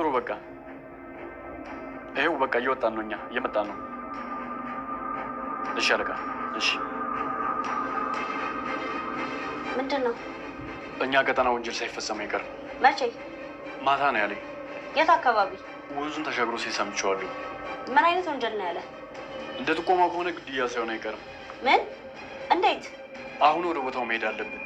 ጥሩ በቃ ይሄው በቃ እየወጣን ነው። እኛ እየመጣን ነው። እሺ አለቃ። እሺ ምንድን ነው? እኛ ቀጠና ወንጀል ሳይፈጸም አይቀርም። መቼ? ማታ ነው ያለኝ። የት አካባቢ? ወንዙን ተሻግሮ ሲሰምቸዋለሁ። ምን አይነት ወንጀል ነው ያለ? እንደ ጥቆማ ከሆነ ግድያ ሳይሆን አይቀርም። ምን? እንዴት? አሁን ወደ ቦታው መሄድ አለብን።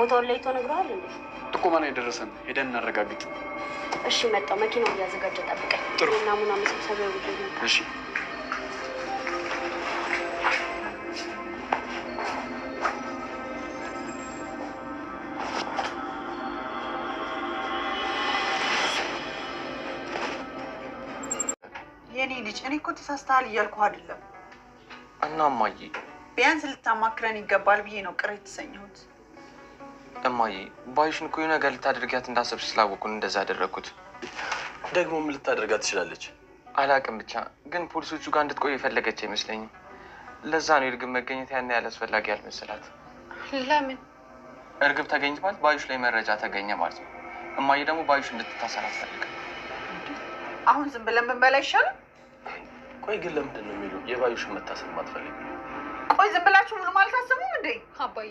ቦታውን ለይቶ ነግረዋል እንዴ? ጥቆማ ነው የደረሰን። ሄደን እናረጋግጥ። እሺ፣ መጣሁ። መኪናው እያዘጋጀ ጠብቀኝ። ጥሩ ናሙና መሰብሰቢያ ውጭ። እሺ የኔ ልጅ፣ እኔ እኮ ተሳስተሃል እያልኩ አይደለም። እና እማዬ፣ ቢያንስ ልታማክረን ይገባል ብዬ ነው ቅር የተሰኘሁት። እማዬ ባይሽን እኮ የሆነ ነገር ልታደርጊያት እንዳሰብሽ ስላወቅኩን እንደዛ ያደረግኩት። ደግሞ ምን ልታደርጋት ትችላለች? አላቅም። ብቻ ግን ፖሊሶቹ ጋር እንድትቆይ የፈለገች አይመስለኝም። ለዛ ነው የእርግብ መገኘት ያን ያህል አስፈላጊ ያልመሰላት። ለምን እርግብ ተገኘ ማለት ባዩሽ ላይ መረጃ ተገኘ ማለት ነው። እማዬ ደግሞ ባዩሽ እንድትታሰር አትፈልግም። አሁን ዝም ብለን ብንበላ ይሻላል። ቆይ ግን ለምንድን ነው የሚሉ የባዩሽን መታሰር ማትፈልግ አባይ ዝም ብላችሁ ምን ማለት አስቡም እንዴ? አባይ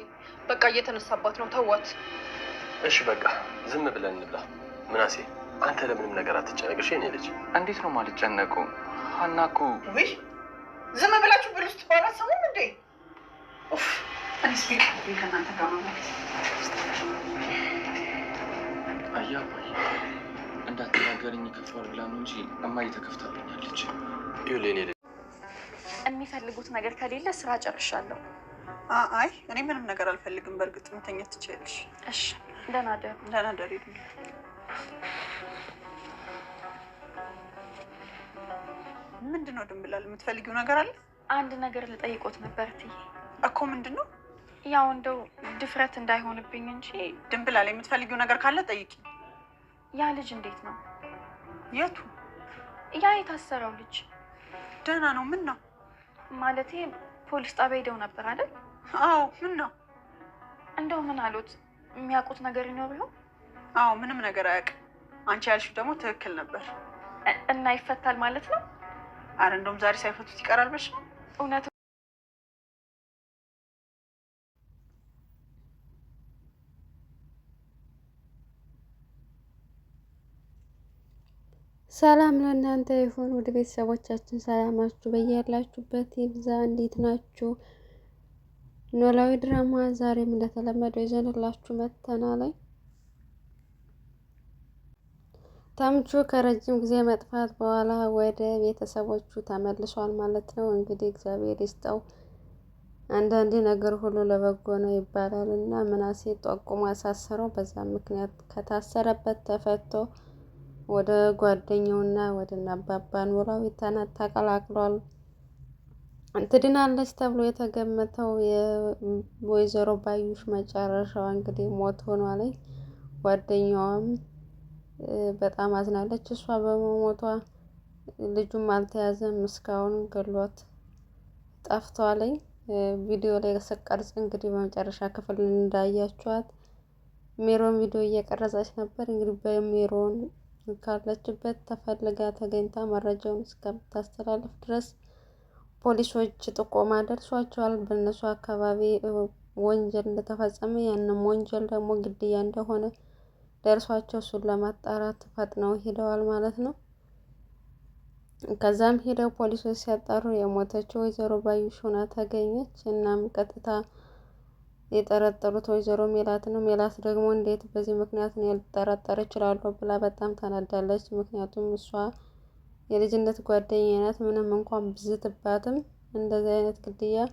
በቃ እየተነሳባት ነው ተዋት። እሺ በቃ ዝም ብለን እንብላ። ምናሴ አንተ ለምንም ነገር አትጨነቅ እሺ። እኔ ልጅ እንዴት ነው ማልጨነቁ? ሀና እኮ ውይ ዝም ብላችሁ ብሉ ስትባል አስቡም እንዴ? ከእናንተ ጋር ማለት አያ እንዳትናገርኝ ከፍ ብላ ነው እንጂ እማዬ ተከፍታብኛለች። የሚፈልጉት ነገር ከሌለ ስራ ጨርሻለሁ። አይ እኔ ምንም ነገር አልፈልግም። በእርግጥ መተኛት ትችያለሽ። እሺ፣ ደህና ደሩ። ደህና ደሩ። ምንድን ነው ድንብላል? የምትፈልጊው ነገር አለ? አንድ ነገር ልጠይቆት ነበር እትዬ። እኮ ምንድን ነው? ያው እንደው ድፍረት እንዳይሆንብኝ እንጂ። ድንብላል፣ የምትፈልጊው ነገር ካለ ጠይቂ። ያ ልጅ እንዴት ነው? የቱ? ያ የታሰረው ልጅ ደህና ነው? ምን ነው ማለቴ ፖሊስ ጣቢያ ሄደው ነበር አይደል? አዎ። ምን ነው እንደው ምን አሉት? የሚያውቁት ነገር ይኖር ይሆን? አዎ፣ ምንም ነገር አያውቅም። አንቺ ያልሽው ደግሞ ትክክል ነበር። እና ይፈታል ማለት ነው? አረ እንደውም ዛሬ ሳይፈቱት ይቀራል። በሽ እውነት ሰላም ለእናንተ ይሁን ውድ ቤተሰቦቻችን፣ ሰላማችሁ በያላችሁበት ይብዛ። እንዴት ናችሁ? ኖላዊ ድራማ ዛሬም እንደተለመደው ይዘንላችሁ መጥተናል። ተምቹ ከረጅም ጊዜ መጥፋት በኋላ ወደ ቤተሰቦቹ ተመልሷል ማለት ነው። እንግዲህ እግዚአብሔር ይስጠው። አንዳንዴ ነገር ሁሉ ለበጎ ነው ይባላል እና ምናሴ ጠቁሞ አሳሰረው። በዛም ምክንያት ከታሰረበት ተፈቶ ወደ ጓደኛውና ወደ አባባ ኖላዊትን ተቀላቅሏል። ትድናለች ተብሎ የተገመተው የወይዘሮ ባዩሽ መጨረሻዋ እንግዲህ ሞት ሆኗል። ጓደኛዋም በጣም አዝናለች። እሷ በመሞቷ ልጁም አልተያዘም እስካሁን ገሏት ጠፍቷል። ቪዲዮ ላይ ስቀርጽ እንግዲህ በመጨረሻ ክፍል እንዳያችኋት ሜሮን ቪዲዮ እየቀረጸች ነበር። እንግዲህ በሜሮን ካለችበት ተፈልጋ ተገኝታ መረጃውን እስከምታስተላልፍ ድረስ ፖሊሶች ጥቆማ ደርሷቸዋል። በእነሱ አካባቢ ወንጀል እንደተፈጸመ ያንም ወንጀል ደግሞ ግድያ እንደሆነ ደርሷቸው እሱን ለማጣራት ፈጥነው ሄደዋል ማለት ነው። ከዛም ሄደው ፖሊሶች ሲያጣሩ የሞተችው ወይዘሮ ባዩሽ ሆና ተገኘች። እናም ቀጥታ የጠረጠሩት ወይዘሮ ሜላት ነው። ሜላት ደግሞ እንዴት በዚህ ምክንያት እኔ ልጠረጠር እችላለሁ ብላ በጣም ታናዳለች። ምክንያቱም እሷ የልጅነት ጓደኛዬ ናት። ምንም እንኳን ብዝትባትም እንደዚህ አይነት ግድያ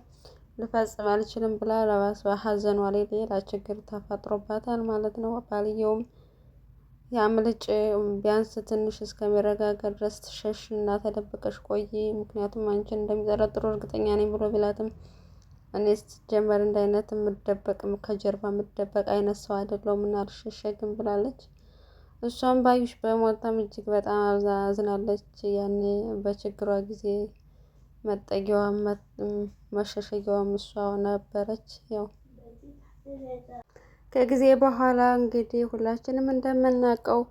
ልፈጽም አልችልም ብላ ለባስ ሀዘኗ ላይ ሌላ ችግር ተፈጥሮባታል ማለት ነው። ባልየውም የአምልጭ ቢያንስ ትንሽ እስከሚረጋጋ ድረስ ትሸሽ እና ተደብቀሽ ቆይ፣ ምክንያቱም አንቺን እንደሚጠረጥሩ እርግጠኛ ነኝ ብሎ ቢላትም እኔ ስትጀመር እንደ አይነት የምደበቅም ከጀርባ የምደበቅ አይነት ሰው አይደለሁም እና አልሸሸግም ብላለች። እሷም ባዩሽ በሞልታም እጅግ በጣም አዝናለች። ያኔ በችግሯ ጊዜ መጠጊዋ መሸሸጊዋም እሷ ነበረች። ያው ከጊዜ በኋላ እንግዲህ ሁላችንም እንደምናውቀው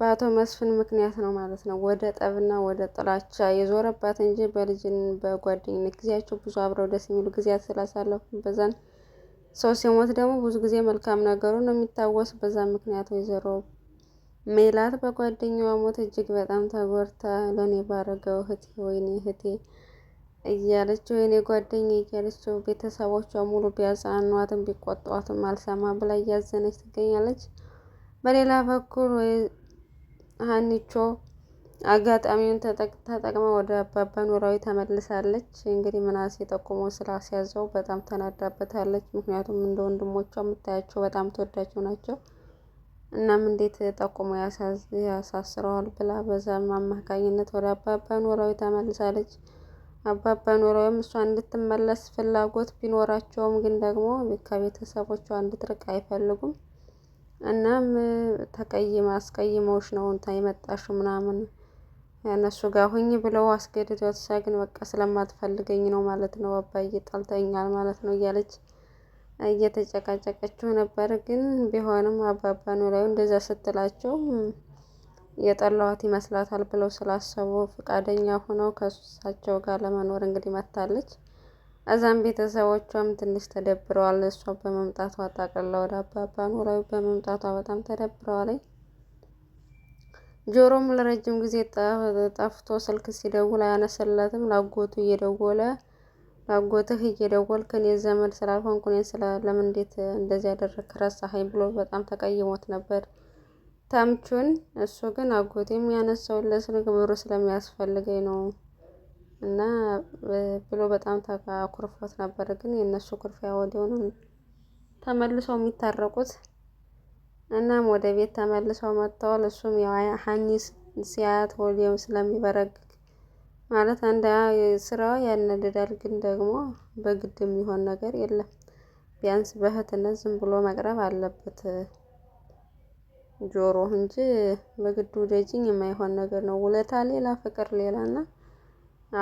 በአቶ መስፍን ምክንያት ነው ማለት ነው ወደ ጠብና ወደ ጥላቻ የዞረባት እንጂ በልጅን በጓደኝነት ጊዜያቸው ብዙ አብረው ደስ የሚሉ ጊዜያት ስላሳለፉ በዛን ሰው ሲሞት ደግሞ ብዙ ጊዜ መልካም ነገሩ ነው የሚታወስ። በዛ ምክንያት ወይዘሮ ሜላት በጓደኛዋ ሞት እጅግ በጣም ተጎድታ ለእኔ ባረገው እህቴ ወይኔ እህቴ እያለች ወይኔ ጓደኛ እያለች ቤተሰቦቿ ሙሉ ቢያጽናኗትም ቢቆጧትም አልሰማ ብላ እያዘነች ትገኛለች። በሌላ በኩል ሀኒቾ አጋጣሚውን ተጠቅማ ወደ አባባ ኖላዊ ተመልሳለች። እንግዲህ ምናሴ ጠቁሞ ስላስያዘው በጣም ተናዳበታለች። ምክንያቱም እንደ ወንድሞቿ የምታያቸው በጣም ተወዳቸው ናቸው። እናም እንዴት ጠቁሞ ያሳስረዋል ብላ በዛም አማካኝነት ወደ አባባ ኖላዊ ተመልሳለች። አባባ ኖላዊም እሷ እንድትመለስ ፍላጎት ቢኖራቸውም ግን ደግሞ ከቤተሰቦቿ እንድትርቅ አይፈልጉም። እናም ተቀይመ አስቀይመውሽ ነው እንታ የመጣሹ ምናምን እነሱ ጋር ሁኝ ብለው አስገድዷት፣ እሷ ግን በቃ ስለማትፈልገኝ ነው ማለት ነው አባዬ ጣልተኛል ማለት ነው እያለች እየተጨቃጨቀችው ነበር። ግን ቢሆንም አባባ ኖላዊ እንደዛ ስትላቸው የጠላዋት ይመስላታል ብለው ስላሰቡ ፈቃደኛ ሆነው ከእሳቸው ጋር ለመኖር እንግዲህ መታለች። እዛም ቤተሰቦቿም ትንሽ ተደብረዋል። እሷ በመምጣቷ አጣቅላ ወደ አባባ ኖላዊ በመምጣቷ በጣም ተደብረዋለኝ። ጆሮም ለረጅም ጊዜ ጠፍቶ ስልክ ሲደውል አያነሰለትም። ላጎቱ እየደወለ ላጎትህ እየደወልክ እኔ ዘመድ ስላልሆንኩ እኔን ስለለምን እንዴት እንደዚህ ያደረግክ ረሳኸኝ ብሎ በጣም ተቀይሞት ነበር ተምቹን። እሱ ግን አጎቴም ያነሳውለት ብር ስለሚያስፈልገኝ ነው እና ብሎ በጣም ተኩርፎት ነበር። ግን የእነሱ ኩርፊያ ወዲያው ነው ተመልሰው የሚታረቁት። እናም ወደ ቤት ተመልሰው መጥተዋል። እሱም ሀኒ ሲያያት ወዲያው ስለሚበረግግ ማለት አንድ ስራዋ ያነድዳል፣ ግን ደግሞ በግድ የሚሆን ነገር የለም። ቢያንስ በእህትነት ዝም ብሎ መቅረብ አለበት ጆሮ እንጂ በግድ ውደጅኝ የማይሆን ነገር ነው። ውለታ ሌላ፣ ፍቅር ሌላ እና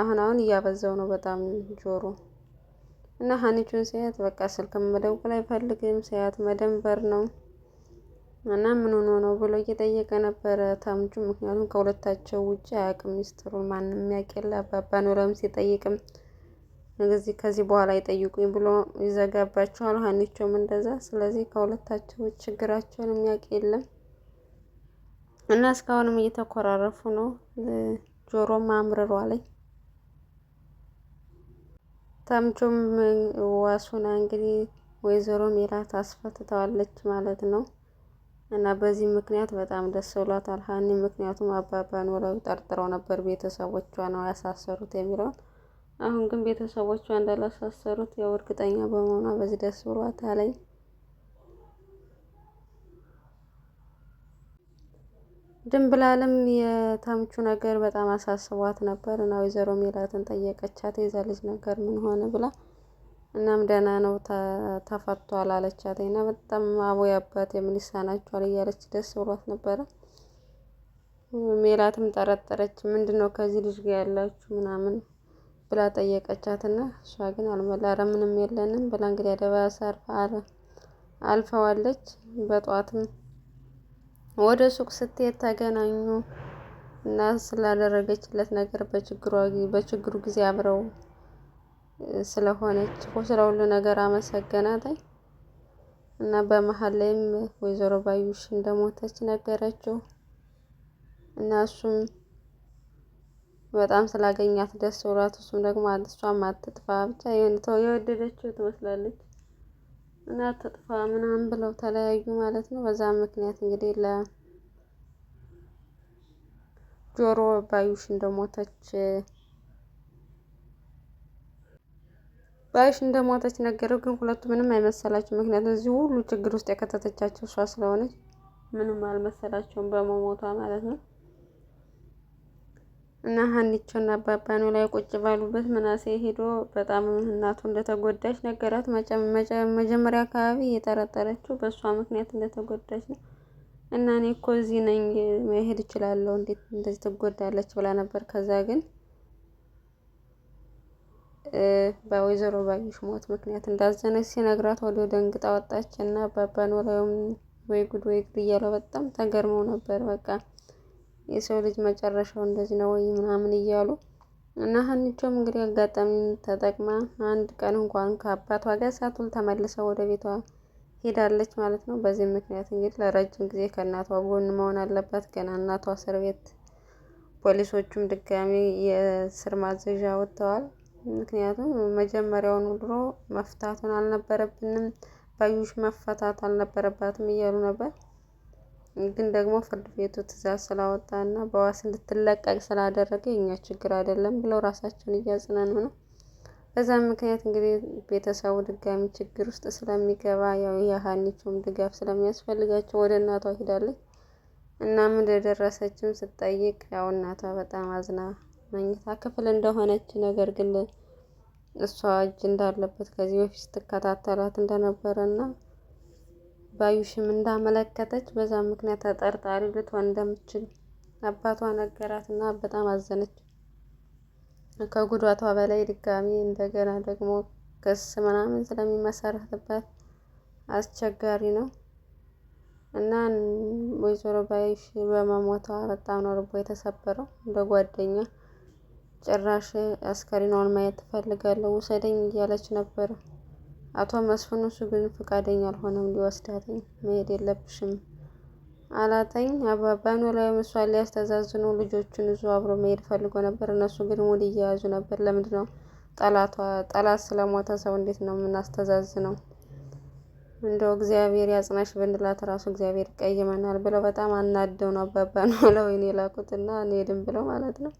አሁን አሁን እያበዛው ነው በጣም ጆሮ እና ሀኒቹን ሲያያት በቃ ስልክም መደወል አይፈልግም። ሲያያት መደንበር ነው እና ምን ሆኖ ነው ብሎ እየጠየቀ ነበረ ታምቹ። ምክንያቱም ከሁለታቸው ውጭ አያውቅም ሚስጥሩን ማንም ያውቅ አባባ ኖላዊም ሲጠይቅም ስለዚህ ከዚህ በኋላ ይጠይቁኝ ብሎ ይዘጋባቸዋል። ሀኒቾም እንደዛ። ስለዚህ ከሁለታቸው ውጭ ችግራቸውን የሚያውቅ የለም እና እስካሁንም እየተኮራረፉ ነው። ጆሮም አምርሯ ላይ ተምቹም ዋሱና እንግዲህ ወይዘሮ ሜላት አስፈትተዋለች ማለት ነው። እና በዚህ ምክንያት በጣም ደስ ብሏታል ሀኒ። ምክንያቱም አባባ ኖላዊ ጠርጥረው ነበር ቤተሰቦቿ ነው ያሳሰሩት የሚለውን አሁን ግን ቤተሰቦቿ እንዳላሳሰሩት ያው እርግጠኛ በመሆኗ በዚህ ደስ ብሏታል። ድንብላልም የተምቹ ነገር በጣም አሳስቧት ነበር እና ወይዘሮ ሜላትን ጠየቀቻት የዛ ልጅ ነገር ምን ሆነ ብላ እናም ደህና ነው ተፈቷል አለቻት እና በጣም አቦይ አባት የምን ይሳናቸዋል እያለች ደስ ብሏት ነበረ። ሜላትም ጠረጠረች። ምንድን ነው ከዚህ ልጅ ጋር ያላችሁ ምናምን ብላ ጠየቀቻት እና እሷ ግን አልመላረ ምንም የለንም ብላ እንግዲህ አደባ ሰርፋ አልፈዋለች በጠዋትም ወደ ሱቅ ስትሄድ ተገናኙ እና ስላደረገችለት ነገር በችግሩ ጊዜ አብረው ስለሆነች ስለ ሁሉ ነገር አመሰገናታኝ እና በመሀል ላይም ወይዘሮ ባዩሽ እንደሞተች ነገረችው እና እሱም በጣም ስላገኛት ደስ ብሏት እሱም ደግሞ እሷም አትጥፋ ብቻ የወደደችው ትመስላለች። እና ተጥፋ ምናምን ብለው ተለያዩ ማለት ነው። በዛ ምክንያት እንግዲህ ለጆሮ ባዩሽ እንደሞተች ባዩሽ እንደሞተች ነገረው። ግን ሁለቱ ምንም አይመሰላቸው። ምክንያቱም እዚህ ሁሉ ችግር ውስጥ የከተተቻቸው እሷ ስለሆነች ምንም አልመሰላቸውም በመሞቷ ማለት ነው። እና ሀኒቾና አባባ ላይ ቁጭ ባሉበት መናሴ ሄዶ በጣም እናቱ እንደተጎዳች ነገራት። መጀመሪያ አካባቢ የጠረጠረችው በእሷ ምክንያት እንደተጎዳች ነው። እና እኔ እኮ እዚህ ነኝ መሄድ እችላለሁ፣ እንዴት እንደዚህ ትጎዳለች ብላ ነበር። ከዛ ግን በወይዘሮ ባዩሽ ሞት ምክንያት እንዳዘነች ሲነግራት ወዲያው ደንግጣ ወጣች እና አባባ ኖላዊም ወይ ጉድ ወይ ጉድ እያለው በጣም ተገርመው ነበር በቃ የሰው ልጅ መጨረሻው እንደዚህ ነው ወይ ምናምን እያሉ እና ሀኒቾም እንግዲህ አጋጣሚ ተጠቅማ አንድ ቀን እንኳን ከአባቷ ጋር ሳትውል ተመልሳ ወደ ቤቷ ሄዳለች ማለት ነው። በዚህ ምክንያት እንግዲህ ለረጅም ጊዜ ከእናቷ ጎን መሆን አለባት። ገና እናቷ እስር ቤት ፖሊሶቹም ድጋሚ የእስር ማዘዣ ወጥተዋል። ምክንያቱም መጀመሪያውን ድሮ መፍታቱን አልነበረብንም ባዩሽ መፈታት አልነበረባትም እያሉ ነበር። ግን ደግሞ ፍርድ ቤቱ ትዛዝ ስላወጣ እና በዋስ እንድትለቀቅ ስላደረገ የኛ ችግር አይደለም ብለው ራሳቸውን እያጽናኑ ነው። በዛም ምክንያት እንግዲህ ቤተሰቡ ድጋሚ ችግር ውስጥ ስለሚገባ ያው የሀኒቹም ድጋፍ ስለሚያስፈልጋቸው ወደ እናቷ ሂዳለች። እናም እንደደረሰችም ስጠይቅ ያው እናቷ በጣም አዝና መኝታ ክፍል እንደሆነች ነገር ግን እሷ እጅ እንዳለበት ከዚህ በፊት ስትከታተላት እንደነበረ እና ባዩሽም እንዳመለከተች በዛ ምክንያት ተጠርጣሪ ልትሆን እንደምትችል አባቷ እና በጣም አዘነች። ከጉዳቷ በላይ ድጋሚ እንደገና ደግሞ ክስ ምናምን ስለሚመሰረትበት አስቸጋሪ ነው እና ወይዘሮ ባይሽ በመሞቷ በጣም ነው ልቦ የተሰበረው። እንደ ጓደኛ ጭራሽ አስከሬኗን ማየት ትፈልጋለሁ ውሰደኝ እያለች ነበረ። አቶ መስፍን እሱ ግን ፈቃደኛ አልሆነም። ሊወስዳትኝ መሄድ የለብሽም አላተኝ አባባ ኖላዊ መስዋዕት ሊያስተዛዝኑ ልጆቹን እዙ አብሮ መሄድ ፈልጎ ነበር። እነሱ ግን ሙድ እየያዙ ነበር። ለምንድን ነው ጠላት ስለሞተ ሰው እንዴት ነው የምናስተዛዝነው? እንደው እግዚአብሔር ያጽናሽ ብንላት ራሱ እግዚአብሔር ይቀይመናል ብለው በጣም አናደው ነው አባባ ኖላዊን የላኩትና እንሄድም ብለው ማለት ነው።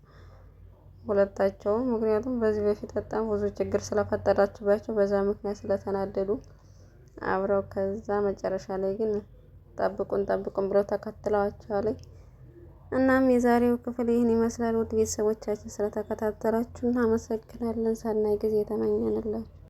ሁለታቸውም። ምክንያቱም በዚህ በፊት በጣም ብዙ ችግር ስለፈጠራችባቸው በዛ ምክንያት ስለተናደዱ አብረው ከዛ መጨረሻ ላይ ግን ጠብቁን ጠብቁን ብለው ተከትለዋቸዋል። እናም የዛሬው ክፍል ይህን ይመስላል። ውድ ቤተሰቦቻችን ስለተከታተላችሁ እናመሰግናለን። ሰናይ ጊዜ የተመኘንላችሁ